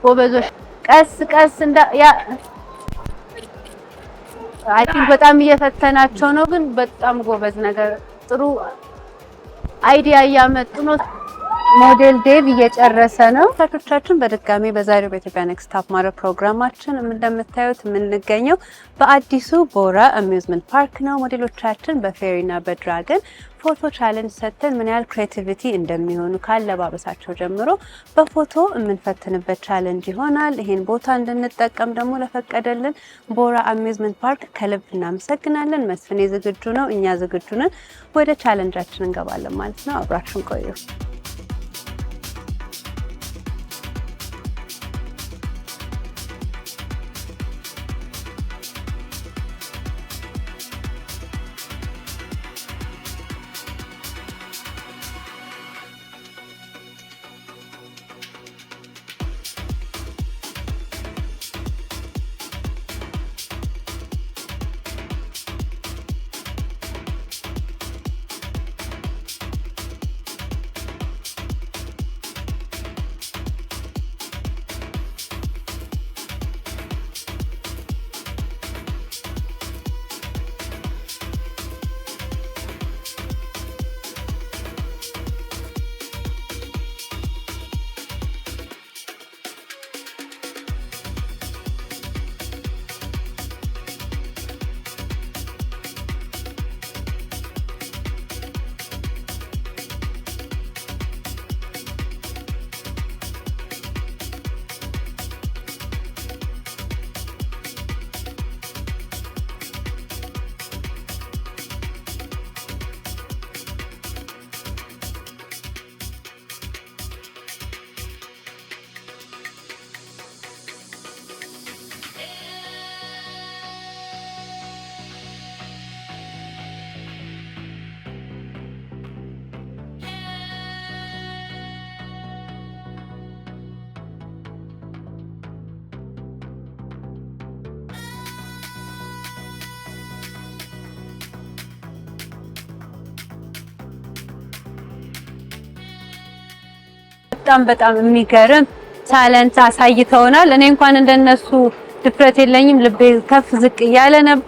ጎበዞች ቀስ ቀስ እንዳ አይ ቲንክ በጣም እየፈተናቸው ነው፣ ግን በጣም ጎበዝ ነገር ጥሩ አይዲያ እያመጡ ነው። ሞዴል ዴቭ እየጨረሰ ነው። ተከታታዮቻችን በድጋሚ በዛሬው በኢትዮጵያ ኔክስት ታፕ ማረ ፕሮግራማችን እንደምታዩት የምንገኘው በአዲሱ ቦራ አሚውዝመንት ፓርክ ነው። ሞዴሎቻችን በፌሪና በድራገን ፎቶ ቻለንጅ ሰጥተን ምን ያህል ክሬቲቪቲ እንደሚሆኑ ካለባበሳቸው ጀምሮ በፎቶ የምንፈትንበት ቻለንጅ ይሆናል። ይሄን ቦታ እንድንጠቀም ደግሞ ለፈቀደልን ቦራ አሚዝመንት ፓርክ ከልብ እናመሰግናለን። መስፍኔ ዝግጁ ነው፣ እኛ ዝግጁ ነን። ወደ ቻለንጃችን እንገባለን ማለት ነው። አብራችን ቆዩ። በጣም በጣም የሚገርም ታለንት አሳይተውናል። እኔ እንኳን እንደነሱ ድፍረት የለኝም። ልቤ ከፍ ዝቅ እያለ ነበር።